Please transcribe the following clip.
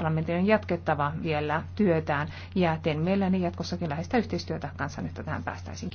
parlamentin on jatkettava vielä työtään ja teen mielelläni jatkossakin läheistä yhteistyötä kanssanne, että tähän päästäisiin.